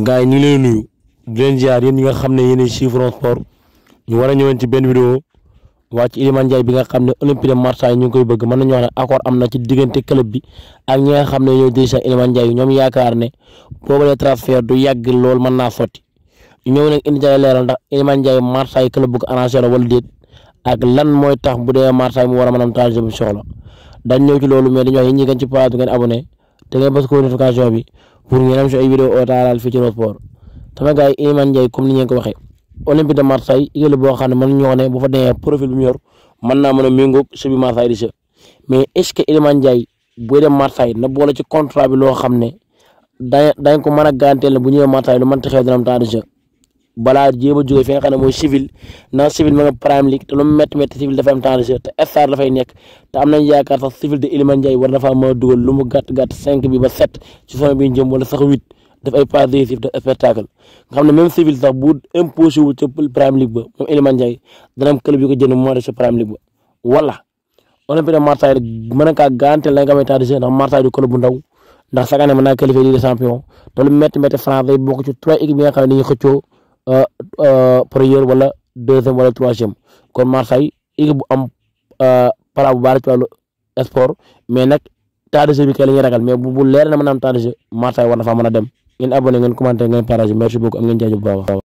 gaay ni ñu leen nuyu di leen ziar yeen yi nga xamne ne ci ay sport ñu wara a ci ben video wacc Iliman jay bi nga xamne Olympique de Marseille ñu koy bëgg mën nañu wax na accord amna ci digënté club bi ak ñi nga xamne ne ñooy dirigeant Iliman Ndiaye ñoom yaakaar ne boobale transfert du yagg lool mën naa sotti ñëw nag indi jay leral ndax Iliman jay Marseille club bu ko arrangé wala déet ak lan moy tax bu dé Marseille mu wara a mën bu soxla dañ ñëw ci loolu mais dañu wax yéen ñi gën ci page gën abonné da ngay bës ko notification bi pour ngeen am ay vidéo Taaral Future Sport sama gars yi Iliman comme ni ngeen ko waxee Olympique de Marseille équipe boo xam ne mën ñoo ne bu fa demee profil bi mu yor na naa mën a méngóog di sa mais est-ce que Iliman Ndiaye buy dem Marseille na boole ci contrat bi loo xam ne dañ dañ ko mën a ganteel bu ñëwee Marseille lu mën ta xew dina am temps de balaa jéem a jóge fi nga xam ne mooy civil prime league te lu mu métti métti dafa am temps de jeu dafay nekk te am yaakaar sax civil de Iliman Ndiaye war na faa mën a dugal lu mu bi ba sept ci fin bi jëm wala sax huit def ay passes décisives spectacle nga xam ne même sax bu imposé wu prime league ba moom Iliman Ndiaye dana am club yu ko jënd moo des ca prime a ndaw ndax chaque année mën naa qualifier Ligue des Euh, euh, première wala deuxième wala troisième kon Marseille équipe am euh, para bu baax ci mais nag temps bi kay la ñuy ragal mais bu bu leer na mën a am temps de jeu Marseille war na faa dem ngeen abonné ngeen commenté ngeen partagé merci beaucoup am ngeen jaajëf bu